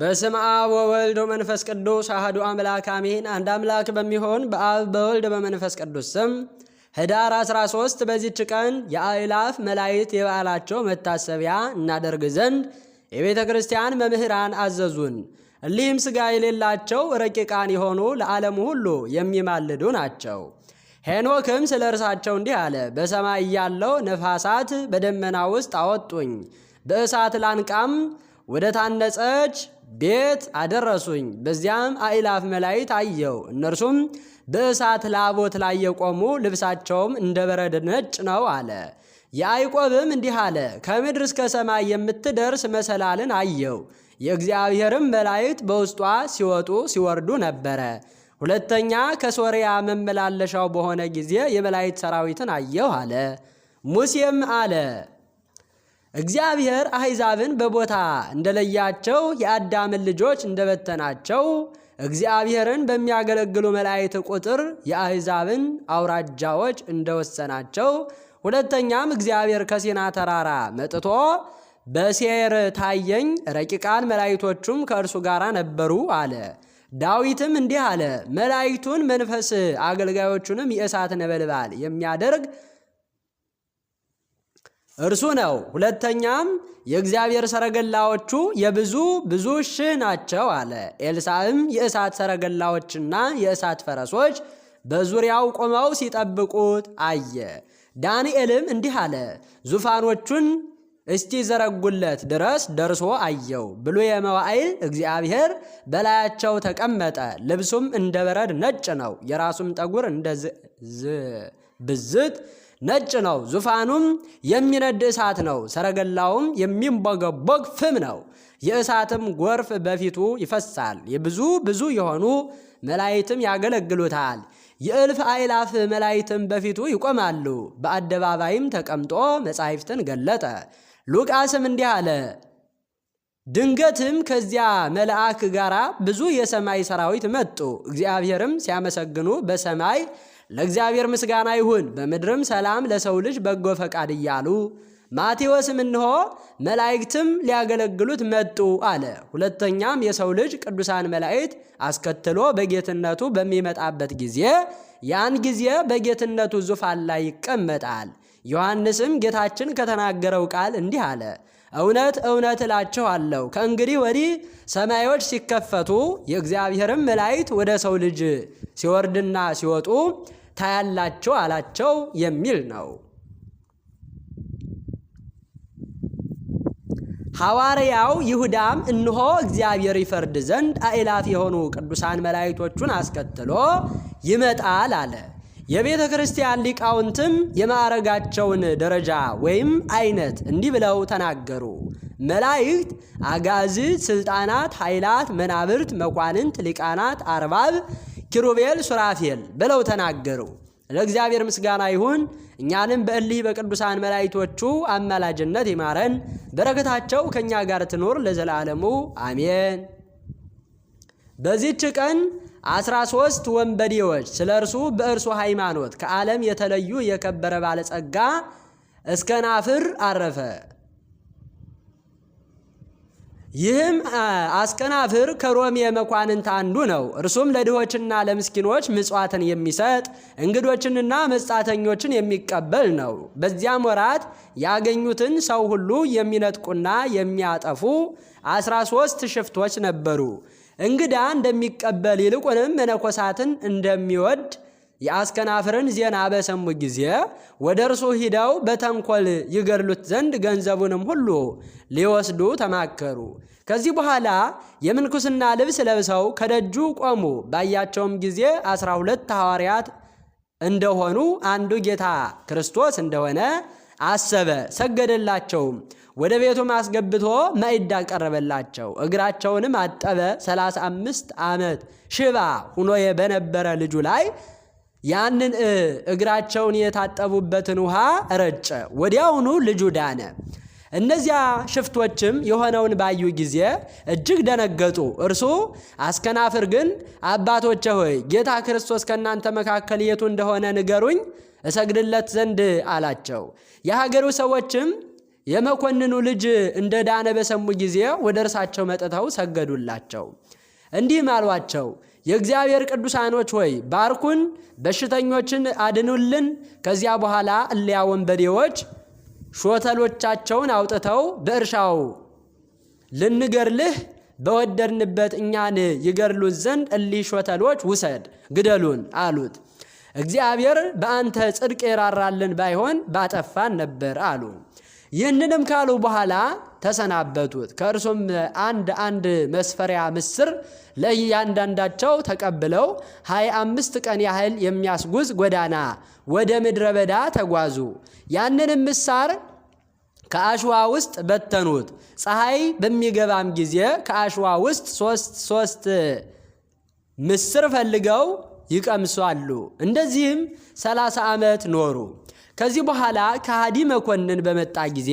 በስም አብ ወወልድ ወመንፈስ ቅዱስ አህዱ አምላክ አሜን። አንድ አምላክ በሚሆን በአብ በወልድ በመንፈስ ቅዱስ ስም ህዳር 13 በዚች ቀን የአእላፍ መላእክት የበዓላቸው መታሰቢያ እናደርግ ዘንድ የቤተ ክርስቲያን መምህራን አዘዙን። እሊህም ሥጋ የሌላቸው ረቂቃን የሆኑ ለዓለሙ ሁሉ የሚማልዱ ናቸው። ሄኖክም ስለ እርሳቸው እንዲህ አለ። በሰማይ እያለው ነፋሳት በደመና ውስጥ አወጡኝ፣ በእሳት ላንቃም ወደ ታነጸች ቤት አደረሱኝ። በዚያም አእላፍ መላእክት አየው። እነርሱም በእሳት ላቦት ላይ የቆሙ ልብሳቸውም እንደ በረድ ነጭ ነው አለ። ያዕቆብም እንዲህ አለ፣ ከምድር እስከ ሰማይ የምትደርስ መሰላልን አየው። የእግዚአብሔርም መላእክት በውስጧ ሲወጡ ሲወርዱ ነበረ። ሁለተኛ ከሶርያ መመላለሻው በሆነ ጊዜ የመላእክት ሰራዊትን አየው አለ። ሙሴም አለ እግዚአብሔር አሕዛብን በቦታ እንደለያቸው የአዳምን ልጆች እንደበተናቸው እግዚአብሔርን በሚያገለግሉ መላእክት ቁጥር የአሕዛብን አውራጃዎች እንደወሰናቸው ሁለተኛም እግዚአብሔር ከሲና ተራራ መጥቶ በሴር ታየኝ፣ ረቂቃን መላእክቶቹም ከእርሱ ጋር ነበሩ አለ። ዳዊትም እንዲህ አለ፣ መላእክቱን መንፈስ አገልጋዮቹንም የእሳት ነበልባል የሚያደርግ እርሱ ነው። ሁለተኛም የእግዚአብሔር ሰረገላዎቹ የብዙ ብዙ ሺህ ናቸው አለ። ኤልሳዕም የእሳት ሰረገላዎችና የእሳት ፈረሶች በዙሪያው ቆመው ሲጠብቁት አየ። ዳንኤልም እንዲህ አለ፣ ዙፋኖቹን እስኪዘረጉለት ድረስ ደርሶ አየው። ብሉየ መዋዕል እግዚአብሔር በላያቸው ተቀመጠ። ልብሱም እንደ በረድ ነጭ ነው፣ የራሱም ጠጉር እንደ ብዝት ነጭ ነው፣ ዙፋኑም የሚነድ እሳት ነው፣ ሰረገላውም የሚንቦገቦግ ፍም ነው። የእሳትም ጎርፍ በፊቱ ይፈሳል። የብዙ ብዙ የሆኑ መላእክትም ያገለግሉታል። የእልፍ አእላፍ መላእክትም በፊቱ ይቆማሉ። በአደባባይም ተቀምጦ መጻሕፍትን ገለጠ። ሉቃስም እንዲህ አለ። ድንገትም ከዚያ መልአክ ጋር ብዙ የሰማይ ሰራዊት መጡ። እግዚአብሔርም ሲያመሰግኑ በሰማይ ለእግዚአብሔር ምስጋና ይሁን፣ በምድርም ሰላም ለሰው ልጅ በጎ ፈቃድ እያሉ ማቴዎስም እንሆ መላእክትም ሊያገለግሉት መጡ አለ። ሁለተኛም የሰው ልጅ ቅዱሳን መላእክት አስከትሎ በጌትነቱ በሚመጣበት ጊዜ ያን ጊዜ በጌትነቱ ዙፋን ላይ ይቀመጣል። ዮሐንስም ጌታችን ከተናገረው ቃል እንዲህ አለ። እውነት እውነት እላችኋለሁ ከእንግዲህ ወዲህ ሰማዮች ሲከፈቱ የእግዚአብሔርም መላእክት ወደ ሰው ልጅ ሲወርድና ሲወጡ ታያላቸው አላቸው የሚል ነው። ሐዋርያው ይሁዳም እነሆ እግዚአብሔር ይፈርድ ዘንድ አእላፍ የሆኑ ቅዱሳን መላእክቶቹን አስከትሎ ይመጣል አለ። የቤተ ክርስቲያን ሊቃውንትም የማዕረጋቸውን ደረጃ ወይም አይነት እንዲህ ብለው ተናገሩ። መላእክት፣ አጋዝ ስልጣናት፣ ኃይላት፣ መናብርት፣ መኳንንት፣ ሊቃናት፣ አርባብ ኪሩቤል ሱራፌል ብለው ተናገሩ። ለእግዚአብሔር ምስጋና ይሁን። እኛንም በእሊህ በቅዱሳን መላእክቶቹ አማላጅነት ይማረን፣ በረከታቸው ከእኛ ጋር ትኖር ለዘላለሙ አሜን። በዚህች ቀን አስራ ሦስት ወንበዴዎች ስለ እርሱ በእርሱ ሃይማኖት ከዓለም የተለዩ የከበረ ባለጸጋ እስከ ናፍር አረፈ። ይህም አስከናፍር ከሮሜ መኳንንት አንዱ ነው። እርሱም ለድሆችና ለምስኪኖች ምጽዋትን የሚሰጥ እንግዶችንና መጻተኞችን የሚቀበል ነው። በዚያም ወራት ያገኙትን ሰው ሁሉ የሚነጥቁና የሚያጠፉ አስራ ሶስት ሽፍቶች ነበሩ። እንግዳ እንደሚቀበል ይልቁንም መነኮሳትን እንደሚወድ የአስከናፍርን ዜና በሰሙ ጊዜ ወደ እርሱ ሂደው በተንኮል ይገድሉት ዘንድ ገንዘቡንም ሁሉ ሊወስዱ ተማከሩ። ከዚህ በኋላ የምንኩስና ልብስ ለብሰው ከደጁ ቆሙ። ባያቸውም ጊዜ አስራ ሁለት ሐዋርያት እንደሆኑ አንዱ ጌታ ክርስቶስ እንደሆነ አሰበ፣ ሰገደላቸውም። ወደ ቤቱም አስገብቶ ማዕድ አቀረበላቸው። እግራቸውንም አጠበ። ሰላሳ አምስት ዓመት ሽባ ሁኖ በነበረ ልጁ ላይ ያንን እግራቸውን የታጠቡበትን ውሃ ረጨ። ወዲያውኑ ልጁ ዳነ። እነዚያ ሽፍቶችም የሆነውን ባዩ ጊዜ እጅግ ደነገጡ። እርሱ አስከናፍር ግን አባቶቼ ሆይ ጌታ ክርስቶስ ከእናንተ መካከል የቱ እንደሆነ ንገሩኝ እሰግድለት ዘንድ አላቸው። የሀገሩ ሰዎችም የመኮንኑ ልጅ እንደ ዳነ በሰሙ ጊዜ ወደ እርሳቸው መጥተው ሰገዱላቸው። እንዲህም አሏቸው የእግዚአብሔር ቅዱሳኖች ሆይ ባርኩን፣ በሽተኞችን አድኑልን። ከዚያ በኋላ እሊያ ወንበዴዎች ሾተሎቻቸውን አውጥተው በእርሻው ልንገርልህ በወደድንበት እኛን ይገድሉት ዘንድ እሊ ሾተሎች ውሰድ፣ ግደሉን አሉት። እግዚአብሔር በአንተ ጽድቅ የራራልን ባይሆን ባጠፋን ነበር አሉ። ይህንንም ካሉ በኋላ ተሰናበቱት። ከእርሱም አንድ አንድ መስፈሪያ ምስር ለእያንዳንዳቸው ተቀብለው ሃያ አምስት ቀን ያህል የሚያስጉዝ ጎዳና ወደ ምድረ በዳ ተጓዙ። ያንንም ምሳር ከአሸዋ ውስጥ በተኑት። ፀሐይ በሚገባም ጊዜ ከአሸዋ ውስጥ ሶስት ሶስት ምስር ፈልገው ይቀምሷሉ። እንደዚህም ሰላሳ ዓመት ኖሩ። ከዚህ በኋላ ከሃዲ መኮንን በመጣ ጊዜ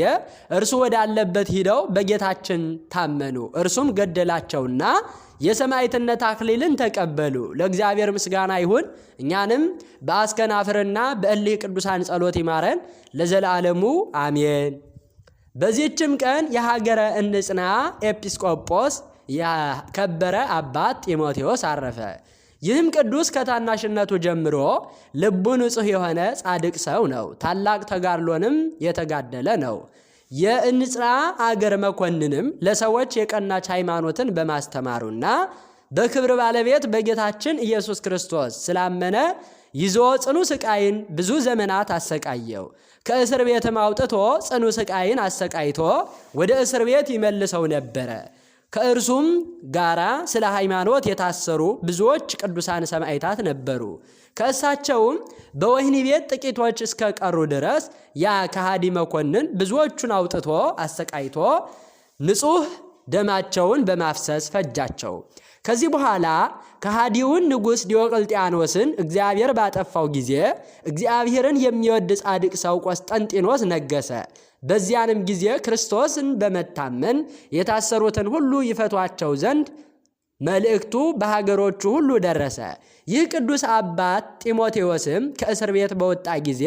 እርሱ ወዳለበት ሂደው በጌታችን ታመኑ። እርሱም ገደላቸውና የሰማዕትነት አክሊልን ተቀበሉ። ለእግዚአብሔር ምስጋና ይሁን። እኛንም በአስከናፍርና በእልህ ቅዱሳን ጸሎት ይማረን ለዘላለሙ አሜን። በዚህችም ቀን የሀገረ እንጽና ኤጲስቆጶስ የከበረ አባት ጢሞቴዎስ አረፈ። ይህም ቅዱስ ከታናሽነቱ ጀምሮ ልቡ ንጹሕ የሆነ ጻድቅ ሰው ነው። ታላቅ ተጋድሎንም የተጋደለ ነው። የእንጽራ አገር መኮንንም ለሰዎች የቀናች ሃይማኖትን በማስተማሩና በክብር ባለቤት በጌታችን ኢየሱስ ክርስቶስ ስላመነ ይዞ ጽኑ ስቃይን ብዙ ዘመናት አሰቃየው። ከእስር ቤትም አውጥቶ ጽኑ ስቃይን አሰቃይቶ ወደ እስር ቤት ይመልሰው ነበረ። ከእርሱም ጋራ ስለ ሃይማኖት የታሰሩ ብዙዎች ቅዱሳን ሰማዕታት ነበሩ። ከእሳቸውም በወህኒ ቤት ጥቂቶች እስከቀሩ ድረስ ያ ከሃዲ መኮንን ብዙዎቹን አውጥቶ አሰቃይቶ ንጹሕ ደማቸውን በማፍሰስ ፈጃቸው። ከዚህ በኋላ ከሃዲውን ንጉሥ ዲዮቅልጥያኖስን እግዚአብሔር ባጠፋው ጊዜ እግዚአብሔርን የሚወድ ጻድቅ ሰው ቆስጠንጢኖስ ነገሰ። በዚያንም ጊዜ ክርስቶስን በመታመን የታሰሩትን ሁሉ ይፈቷቸው ዘንድ መልእክቱ በሀገሮቹ ሁሉ ደረሰ። ይህ ቅዱስ አባት ጢሞቴዎስም ከእስር ቤት በወጣ ጊዜ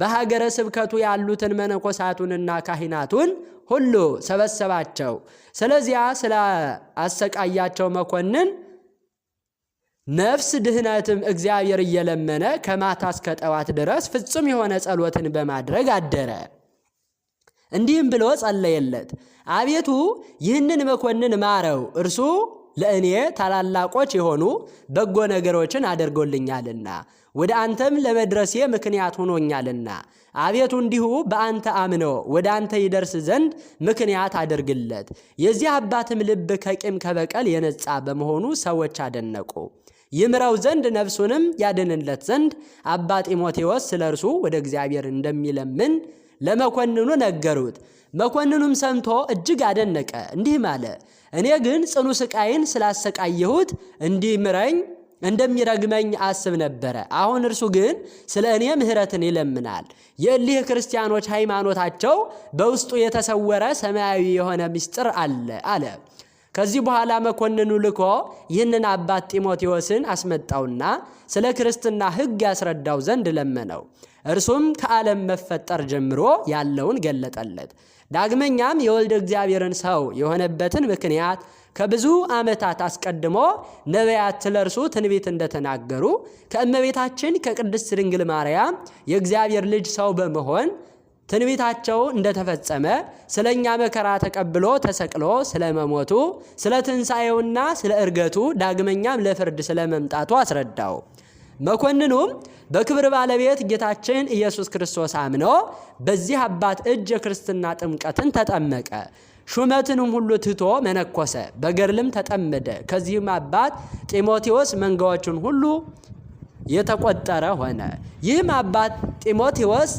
በሀገረ ስብከቱ ያሉትን መነኮሳቱንና ካህናቱን ሁሉ ሰበሰባቸው። ስለዚያ ስለ አሰቃያቸው መኮንን ነፍስ ድህነትም እግዚአብሔር እየለመነ ከማታ እስከ ጠዋት ድረስ ፍጹም የሆነ ጸሎትን በማድረግ አደረ። እንዲህም ብሎ ጸለየለት፣ አቤቱ ይህንን መኮንን ማረው፣ እርሱ ለእኔ ታላላቆች የሆኑ በጎ ነገሮችን አድርጎልኛልና ወደ አንተም ለመድረሴ ምክንያት ሆኖኛልና አቤቱ እንዲሁ በአንተ አምኖ ወደ አንተ ይደርስ ዘንድ ምክንያት አድርግለት። የዚህ አባትም ልብ ከቂም ከበቀል የነጻ በመሆኑ ሰዎች አደነቁ። ይምረው ዘንድ ነፍሱንም ያድንለት ዘንድ አባ ጢሞቴዎስ ስለ እርሱ ወደ እግዚአብሔር እንደሚለምን ለመኮንኑ ነገሩት። መኮንኑም ሰምቶ እጅግ አደነቀ፣ እንዲህም አለ እኔ ግን ጽኑ ስቃይን ስላሰቃየሁት እንዲህ ምረኝ እንደሚረግመኝ አስብ ነበረ። አሁን እርሱ ግን ስለ እኔ ምሕረትን ይለምናል። የእሊህ ክርስቲያኖች ሃይማኖታቸው በውስጡ የተሰወረ ሰማያዊ የሆነ ምስጢር አለ አለ። ከዚህ በኋላ መኮንኑ ልኮ ይህንን አባት ጢሞቴዎስን አስመጣውና ስለ ክርስትና ሕግ ያስረዳው ዘንድ ለመነው። እርሱም ከዓለም መፈጠር ጀምሮ ያለውን ገለጠለት። ዳግመኛም የወልደ እግዚአብሔርን ሰው የሆነበትን ምክንያት ከብዙ ዓመታት አስቀድሞ ነቢያት ስለ እርሱ ትንቢት እንደተናገሩ ከእመቤታችን ከቅድስት ድንግል ማርያም የእግዚአብሔር ልጅ ሰው በመሆን ትንቢታቸው እንደተፈጸመ ስለ እኛ መከራ ተቀብሎ ተሰቅሎ ስለ መሞቱ፣ ስለ ትንሣኤውና ስለ እርገቱ ዳግመኛም ለፍርድ ስለ መምጣቱ አስረዳው። መኮንኑም በክብር ባለቤት ጌታችን ኢየሱስ ክርስቶስ አምኖ በዚህ አባት እጅ የክርስትና ጥምቀትን ተጠመቀ። ሹመትንም ሁሉ ትቶ መነኮሰ፣ በገድልም ተጠመደ። ከዚህም አባት ጢሞቴዎስ መንጋዎቹን ሁሉ የተቆጠረ ሆነ። ይህም አባት ጢሞቴዎስ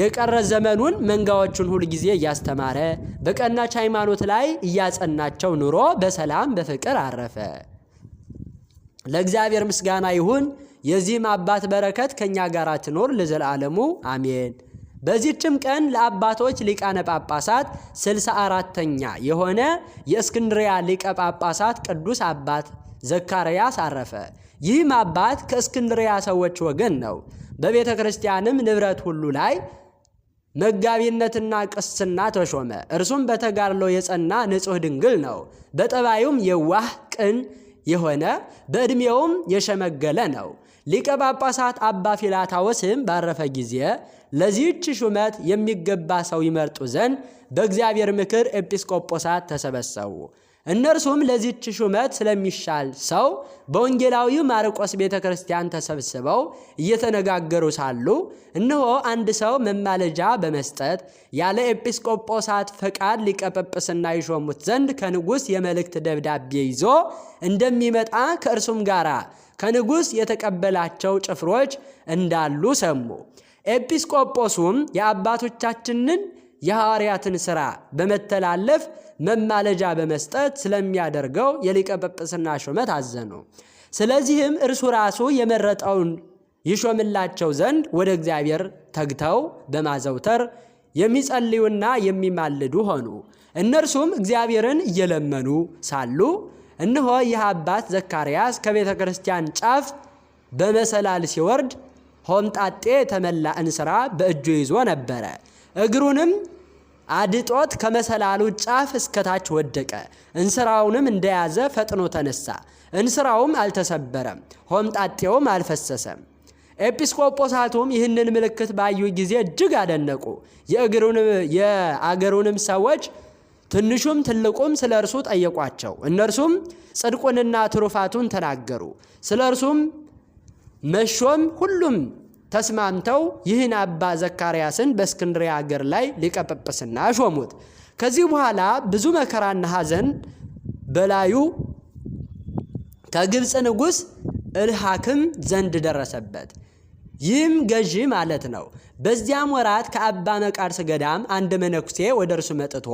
የቀረ ዘመኑን መንጋዎቹን ሁል ጊዜ እያስተማረ በቀናች ሃይማኖት ላይ እያጸናቸው ኑሮ በሰላም በፍቅር አረፈ። ለእግዚአብሔር ምስጋና ይሁን። የዚህም አባት በረከት ከእኛ ጋር ትኖር ለዘላለሙ አሜን። በዚህችም ቀን ለአባቶች ሊቃነ ጳጳሳት ስልሳ አራተኛ የሆነ የእስክንድሪያ ሊቀ ጳጳሳት ቅዱስ አባት ዘካርያስ አረፈ። ይህም አባት ከእስክንድሪያ ሰዎች ወገን ነው። በቤተ ክርስቲያንም ንብረት ሁሉ ላይ መጋቢነትና ቅስና ተሾመ። እርሱም በተጋድሎ የጸና ንጹሕ ድንግል ነው። በጠባዩም የዋህ ቅን የሆነ በዕድሜውም የሸመገለ ነው። ሊቀ ጳጳሳት አባ ፊላታዎስም ባረፈ ጊዜ ለዚህች ሹመት የሚገባ ሰው ይመርጡ ዘንድ በእግዚአብሔር ምክር ኤጲስቆጶሳት ተሰበሰቡ። እነርሱም ለዚህች ሹመት ስለሚሻል ሰው በወንጌላዊ ማርቆስ ቤተ ክርስቲያን ተሰብስበው እየተነጋገሩ ሳሉ እነሆ አንድ ሰው መማለጃ በመስጠት ያለ ኤጲስቆጶሳት ፈቃድ ሊቀጵጵስና ይሾሙት ዘንድ ከንጉሥ የመልእክት ደብዳቤ ይዞ እንደሚመጣ ከእርሱም ጋር ከንጉሥ የተቀበላቸው ጭፍሮች እንዳሉ ሰሙ። ኤጲስቆጶሱም የአባቶቻችንን የሐዋርያትን ሥራ በመተላለፍ መማለጃ በመስጠት ስለሚያደርገው የሊቀ ጵጵስና ሹመት አዘኑ። ስለዚህም እርሱ ራሱ የመረጠውን ይሾምላቸው ዘንድ ወደ እግዚአብሔር ተግተው በማዘውተር የሚጸልዩና የሚማልዱ ሆኑ። እነርሱም እግዚአብሔርን እየለመኑ ሳሉ እነሆ ይህ አባት ዘካርያስ ከቤተ ክርስቲያን ጫፍ በመሰላል ሲወርድ ሆምጣጤ የተመላ እንስራ በእጁ ይዞ ነበረ። እግሩንም አድጦት ከመሰላሉ ጫፍ እስከታች ወደቀ። እንስራውንም እንደያዘ ፈጥኖ ተነሳ። እንስራውም አልተሰበረም፣ ሆምጣጤውም አልፈሰሰም። ኤጲስቆጶሳቱም ይህንን ምልክት ባዩ ጊዜ እጅግ አደነቁ። የአገሩንም ሰዎች ትንሹም ትልቁም ስለ እርሱ ጠየቋቸው። እነርሱም ጽድቁንና ትሩፋቱን ተናገሩ። ስለ እርሱም መሾም ሁሉም ተስማምተው ይህን አባ ዘካርያስን በእስክንድርያ አገር ላይ ሊቀ ጵጵስና ሾሙት። ከዚህ በኋላ ብዙ መከራና ሐዘን በላዩ ከግብፅ ንጉሥ እልሃክም ዘንድ ደረሰበት። ይህም ገዢ ማለት ነው። በዚያም ወራት ከአባ መቃርስ ገዳም አንድ መነኩሴ ወደ እርሱ መጥቶ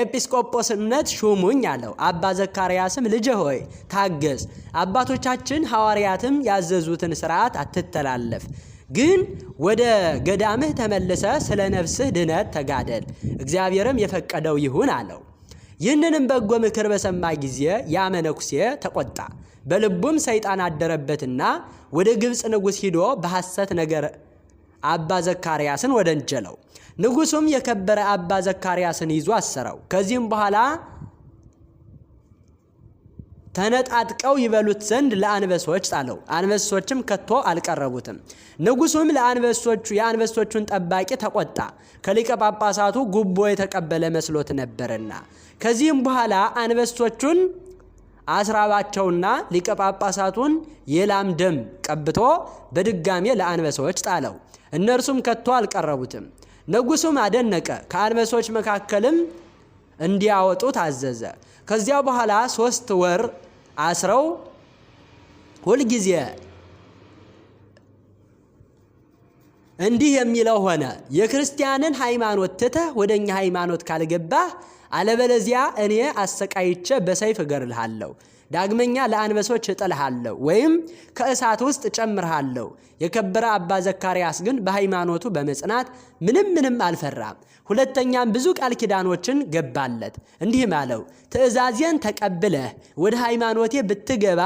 ኤጲስቆጶስነት ሹሙኝ አለው። አባ ዘካርያስም ልጅ ሆይ ታገስ፣ አባቶቻችን ሐዋርያትም ያዘዙትን ሥርዓት አትተላለፍ፣ ግን ወደ ገዳምህ ተመልሰ ስለ ነፍስህ ድነት ተጋደል፣ እግዚአብሔርም የፈቀደው ይሁን አለው። ይህንንም በጎ ምክር በሰማ ጊዜ ያመነኩሴ ተቆጣ፣ በልቡም ሰይጣን አደረበትና ወደ ግብፅ ንጉሥ ሂዶ በሐሰት ነገር አባ ዘካርያስን ወደንጀለው። ንጉሱም የከበረ አባ ዘካርያስን ይዞ አሰረው። ከዚህም በኋላ ተነጣጥቀው ይበሉት ዘንድ ለአንበሶች ጣለው። አንበሶችም ከቶ አልቀረቡትም። ንጉሱም ለአንበሶቹ የአንበሶቹን ጠባቂ ተቆጣ፣ ከሊቀ ጳጳሳቱ ጉቦ የተቀበለ መስሎት ነበርና። ከዚህም በኋላ አንበሶቹን አስራባቸውና ሊቀ ጳጳሳቱን የላም ደም ቀብቶ በድጋሜ ለአንበሶች ጣለው። እነርሱም ከቶ አልቀረቡትም። ንጉሱም አደነቀ። ከአንበሶች መካከልም እንዲያወጡት አዘዘ። ከዚያ በኋላ ሶስት ወር አስረው ሁልጊዜ እንዲህ የሚለው ሆነ የክርስቲያንን ሃይማኖት ትተህ ወደ እኛ ሃይማኖት ካልገባህ፣ አለበለዚያ እኔ አሰቃይቼ በሰይፍ እገርልሃለሁ። ዳግመኛ ለአንበሶች እጥልሃለሁ ወይም ከእሳት ውስጥ ጨምርሃለሁ። የከበረ አባ ዘካርያስ ግን በሃይማኖቱ በመጽናት ምንም ምንም አልፈራም። ሁለተኛም ብዙ ቃል ኪዳኖችን ገባለት። እንዲህም አለው፣ ትእዛዜን ተቀብለህ ወደ ሃይማኖቴ ብትገባ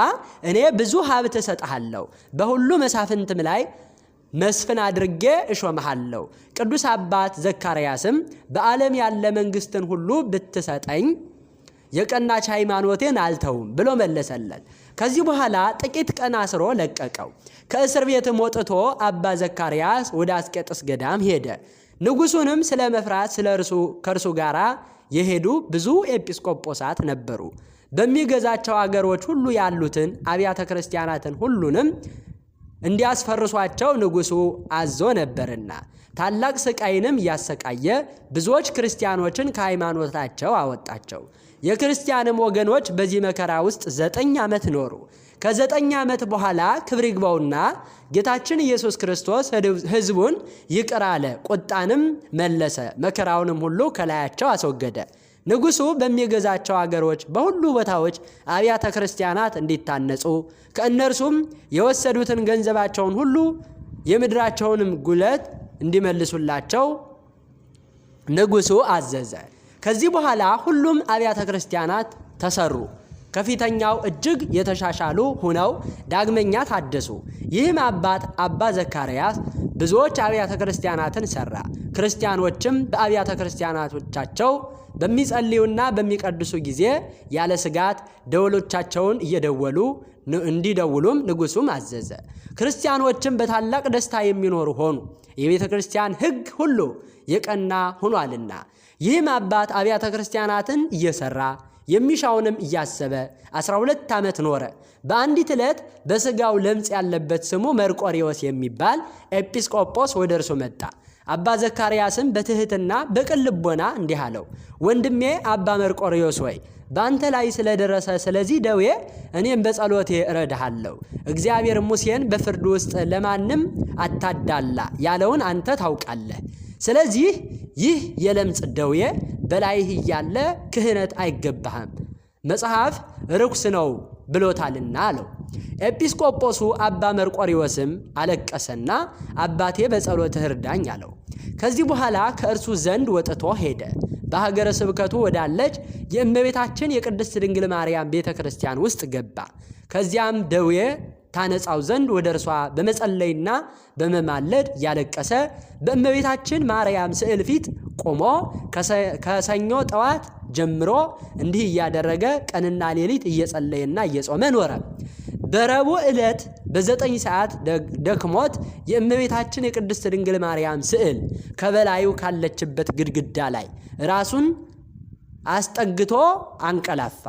እኔ ብዙ ሀብት እሰጥሃለሁ፣ በሁሉ መሳፍንትም ላይ መስፍን አድርጌ እሾመሃለሁ። ቅዱስ አባት ዘካርያስም በዓለም ያለ መንግሥትን ሁሉ ብትሰጠኝ የቀናች ሃይማኖቴን አልተውም ብሎ መለሰለት። ከዚህ በኋላ ጥቂት ቀን አስሮ ለቀቀው። ከእስር ቤትም ወጥቶ አባ ዘካርያስ ወደ አስቄጥስ ገዳም ሄደ። ንጉሱንም ስለ መፍራት ስለ እርሱ ከእርሱ ጋር የሄዱ ብዙ ኤጲስቆጶሳት ነበሩ። በሚገዛቸው አገሮች ሁሉ ያሉትን አብያተ ክርስቲያናትን ሁሉንም እንዲያስፈርሷቸው ንጉሱ አዞ ነበርና ታላቅ ስቃይንም እያሰቃየ ብዙዎች ክርስቲያኖችን ከሃይማኖታቸው አወጣቸው። የክርስቲያንም ወገኖች በዚህ መከራ ውስጥ ዘጠኝ ዓመት ኖሩ። ከዘጠኝ ዓመት በኋላ ክብር ይግባውና ጌታችን ኢየሱስ ክርስቶስ ሕዝቡን ይቅር አለ፣ ቁጣንም መለሰ፣ መከራውንም ሁሉ ከላያቸው አስወገደ። ንጉሡ በሚገዛቸው አገሮች በሁሉ ቦታዎች አብያተ ክርስቲያናት እንዲታነጹ ከእነርሱም የወሰዱትን ገንዘባቸውን ሁሉ የምድራቸውንም ጉለት እንዲመልሱላቸው ንጉሡ አዘዘ። ከዚህ በኋላ ሁሉም አብያተ ክርስቲያናት ተሰሩ። ከፊተኛው እጅግ የተሻሻሉ ሆነው ዳግመኛ ታደሱ። ይህም አባት አባ ዘካርያስ ብዙዎች አብያተ ክርስቲያናትን ሰራ። ክርስቲያኖችም በአብያተ ክርስቲያናቶቻቸው በሚጸልዩና በሚቀድሱ ጊዜ ያለ ስጋት ደወሎቻቸውን እየደወሉ እንዲደውሉም ንጉሱም አዘዘ። ክርስቲያኖችም በታላቅ ደስታ የሚኖሩ ሆኑ፣ የቤተ ክርስቲያን ሕግ ሁሉ የቀና ሆኗልና። ይህም አባት አብያተ ክርስቲያናትን እየሰራ የሚሻውንም እያሰበ 12 ዓመት ኖረ። በአንዲት ዕለት በሥጋው ለምጽ ያለበት ስሙ መርቆሪዎስ የሚባል ኤጲስቆጶስ ወደ እርሱ መጣ። አባ ዘካርያስም በትሕትና በቅን ልቦና እንዲህ አለው፣ ወንድሜ አባ መርቆሪዎስ ወይ በአንተ ላይ ስለደረሰ ስለዚህ ደዌ እኔም በጸሎቴ እረድሃለሁ። እግዚአብሔር ሙሴን በፍርድ ውስጥ ለማንም አታዳላ ያለውን አንተ ታውቃለህ። ስለዚህ ይህ የለምጽ ደዌ በላይህ እያለ ክህነት አይገባህም፣ መጽሐፍ ርኩስ ነው ብሎታልና አለው። ኤጲስቆጶሱ አባ መርቆሪዎስም አለቀሰና አባቴ በጸሎት እርዳኝ አለው። ከዚህ በኋላ ከእርሱ ዘንድ ወጥቶ ሄደ። በሀገረ ስብከቱ ወዳለች የእመቤታችን የቅድስት ድንግል ማርያም ቤተ ክርስቲያን ውስጥ ገባ። ከዚያም ደዌ ታነጻው ዘንድ ወደ እርሷ በመጸለይና በመማለድ እያለቀሰ በእመቤታችን ማርያም ስዕል ፊት ቆሞ ከሰኞ ጠዋት ጀምሮ እንዲህ እያደረገ ቀንና ሌሊት እየጸለየና እየጾመ ኖረ። በረቡዕ ዕለት በዘጠኝ ሰዓት ደክሞት የእመቤታችን የቅድስት ድንግል ማርያም ስዕል ከበላዩ ካለችበት ግድግዳ ላይ ራሱን አስጠግቶ አንቀላፋ።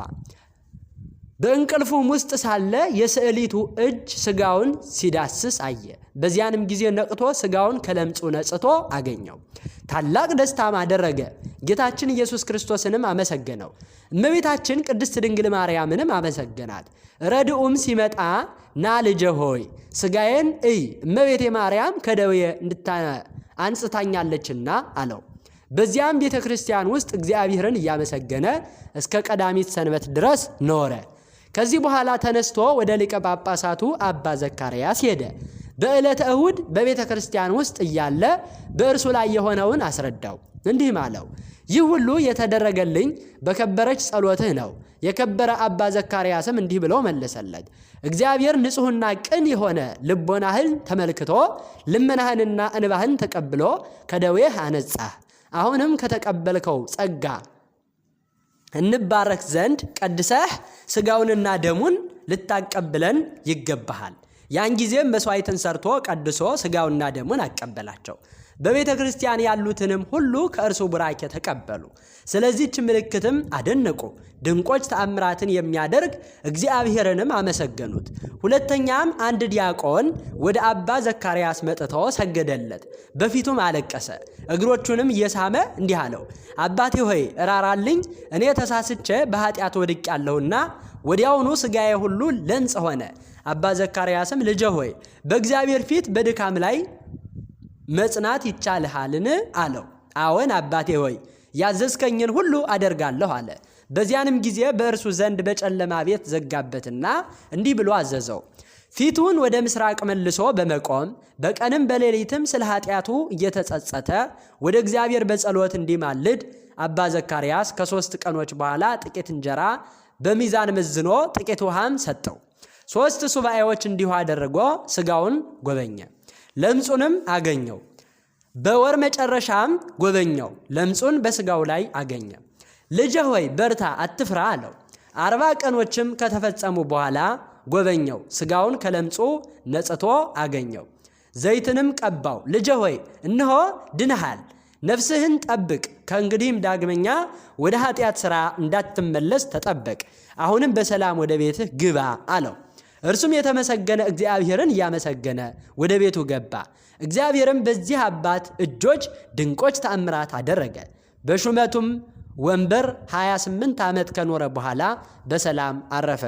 በእንቅልፉም ውስጥ ሳለ የስዕሊቱ እጅ ስጋውን ሲዳስስ አየ። በዚያንም ጊዜ ነቅቶ ስጋውን ከለምጹ ነጽቶ አገኘው። ታላቅ ደስታም አደረገ። ጌታችን ኢየሱስ ክርስቶስንም አመሰገነው። እመቤታችን ቅድስት ድንግል ማርያምንም አመሰገናት። ረድኡም ሲመጣ ና ልጄ ሆይ ስጋዬን እይ፣ እመቤቴ ማርያም ከደዌ አንጽታኛለችና አለው። በዚያም ቤተ ክርስቲያን ውስጥ እግዚአብሔርን እያመሰገነ እስከ ቀዳሚት ሰንበት ድረስ ኖረ። ከዚህ በኋላ ተነስቶ ወደ ሊቀ ጳጳሳቱ አባ ዘካርያስ ሄደ። በዕለተ እሁድ በቤተ ክርስቲያን ውስጥ እያለ በእርሱ ላይ የሆነውን አስረዳው። እንዲህም አለው፣ ይህ ሁሉ የተደረገልኝ በከበረች ጸሎትህ ነው። የከበረ አባ ዘካርያስም እንዲህ ብሎ መለሰለት፣ እግዚአብሔር ንጹሕና ቅን የሆነ ልቦናህን ተመልክቶ ልመናህንና እንባህን ተቀብሎ ከደዌህ አነጻህ። አሁንም ከተቀበልከው ጸጋ እንባረክ ዘንድ ቀድሰህ ስጋውንና ደሙን ልታቀብለን ይገባሃል። ያን ጊዜም መሥዋዕትን ሰርቶ ቀድሶ ስጋውና ደሙን አቀበላቸው። በቤተ ክርስቲያን ያሉትንም ሁሉ ከእርሱ ቡራኬ ተቀበሉ። ስለዚህች ምልክትም አደነቁ፣ ድንቆች ተአምራትን የሚያደርግ እግዚአብሔርንም አመሰገኑት። ሁለተኛም አንድ ዲያቆን ወደ አባ ዘካርያስ መጥቶ ሰገደለት፣ በፊቱም አለቀሰ። እግሮቹንም እየሳመ እንዲህ አለው፣ አባቴ ሆይ እራራልኝ፣ እኔ ተሳስቼ በኃጢአት ወድቄአለሁና። ወዲያውኑ ሥጋዬ ሁሉ ለንጽ ሆነ። አባ ዘካርያስም ልጄ ሆይ በእግዚአብሔር ፊት በድካም ላይ መጽናት ይቻልሃልን አለው። አዎን አባቴ ሆይ ያዘዝከኝን ሁሉ አደርጋለሁ አለ። በዚያንም ጊዜ በእርሱ ዘንድ በጨለማ ቤት ዘጋበትና እንዲህ ብሎ አዘዘው ፊቱን ወደ ምስራቅ መልሶ በመቆም በቀንም በሌሊትም ስለ ኃጢአቱ እየተጸጸተ ወደ እግዚአብሔር በጸሎት እንዲማልድ አባ ዘካርያስ ከሦስት ቀኖች በኋላ ጥቂት እንጀራ በሚዛን መዝኖ ጥቂት ውሃም ሰጠው። ሦስት ሱባኤዎች እንዲሁ አድርጎ ሥጋውን ጎበኘ። ለምጹንም አገኘው። በወር መጨረሻም ጎበኘው፣ ለምጹን በስጋው ላይ አገኘ። ልጅ ሆይ በርታ፣ አትፍራ አለው። አርባ ቀኖችም ከተፈጸሙ በኋላ ጎበኘው፣ ስጋውን ከለምጹ ነጽቶ አገኘው። ዘይትንም ቀባው። ልጅ ሆይ እነሆ ድንሃል፣ ነፍስህን ጠብቅ፣ ከእንግዲህም ዳግመኛ ወደ ኃጢአት ሥራ እንዳትመለስ ተጠበቅ፣ አሁንም በሰላም ወደ ቤትህ ግባ አለው። እርሱም የተመሰገነ እግዚአብሔርን እያመሰገነ ወደ ቤቱ ገባ። እግዚአብሔርም በዚህ አባት እጆች ድንቆች ተአምራት አደረገ። በሹመቱም ወንበር 28 ዓመት ከኖረ በኋላ በሰላም አረፈ።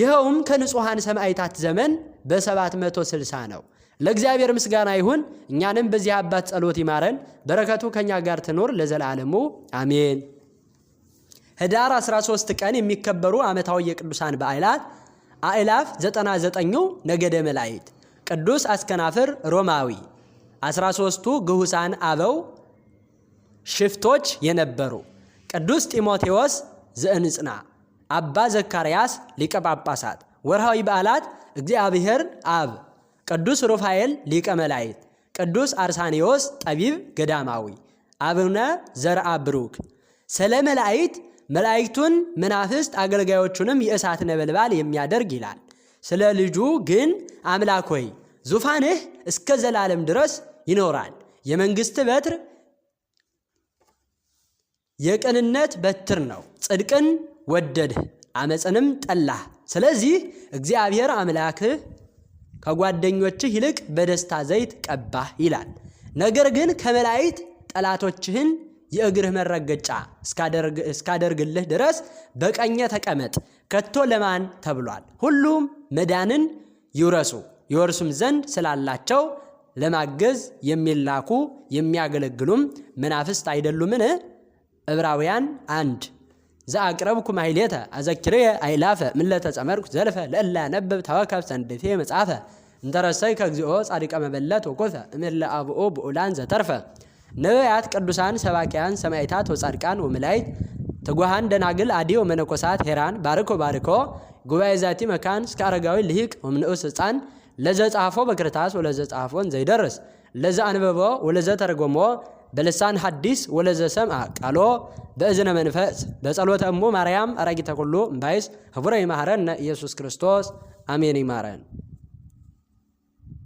ይኸውም ከንጹሐን ሰማዕታት ዘመን በ760 ነው። ለእግዚአብሔር ምስጋና ይሁን። እኛንም በዚህ አባት ጸሎት ይማረን፣ በረከቱ ከእኛ ጋር ትኖር ለዘላለሙ አሜን። ህዳር 13 ቀን የሚከበሩ ዓመታዊ የቅዱሳን በዓላት አእላፍ ዘጠና ዘጠኙ ነገደ መላእክት፣ ቅዱስ አስከናፍር ሮማዊ፣ አስራ ሦስቱ ግሁሳን አበው ሽፍቶች የነበሩ ቅዱስ ጢሞቴዎስ ዘእንጽና፣ አባ ዘካርያስ ሊቀ ጳጳሳት። ወርሃዊ በዓላት እግዚአብሔር አብ፣ ቅዱስ ሩፋኤል ሊቀ መላእክት፣ ቅዱስ አርሳኔዎስ ጠቢብ ገዳማዊ፣ አቡነ ዘርአ ብሩክ። ስለ መላእክት መላእክቱን መናፍስት አገልጋዮቹንም የእሳት ነበልባል የሚያደርግ ይላል። ስለ ልጁ ግን አምላክ ሆይ ዙፋንህ እስከ ዘላለም ድረስ ይኖራል። የመንግስት በትር የቅንነት በትር ነው። ጽድቅን ወደድህ፣ አመፅንም ጠላህ። ስለዚህ እግዚአብሔር አምላክህ ከጓደኞችህ ይልቅ በደስታ ዘይት ቀባህ ይላል። ነገር ግን ከመላእክት ጠላቶችህን የእግርህ መረገጫ እስካደርግልህ ድረስ በቀኘ ተቀመጥ ከቶ ለማን ተብሏል? ሁሉም መዳንን ይውረሱ ይወርሱም ዘንድ ስላላቸው ለማገዝ የሚላኩ የሚያገለግሉም መናፍስት አይደሉምን? ዕብራውያን አንድ ዘአቅረብኩ ማይሌተ አዘኪሬ አይላፈ ምለተ ጸመርኩ ዘልፈ ለእላ ነበብ ተወከብ ሰንደፌ መጻፈ እንተረሰይ ከእግዚኦ ጻድቀ መበለት ወኮፈ እምለ አብኦ ብኡላን ዘተርፈ ነቢያት፣ ቅዱሳን፣ ሰባኪያን፣ ሰማይታት ወጻድቃን ወመላእክት ትጉሃን ደናግል አዲዮ መነኮሳት ሄራን ባርኮ ባርኮ ጉባኤ ዛቲ መካን እስከ አረጋዊ ልሂቅ ወምንዑስ ህፃን ለዘ ጻፎ በክርታስ ወለዘ ጻፎን ዘይደርስ ለዘ አንበቦ ወለዘ ተርጎሞ በልሳን ሐዲስ ወለዘ ሰምዐ ቃሎ በእዝነ መንፈስ በጸሎተ እሙ ማርያም አራጊተ ኩሉ እምባይስ ህቡረ ይማህረነ ኢየሱስ ክርስቶስ አሜን ይማረን።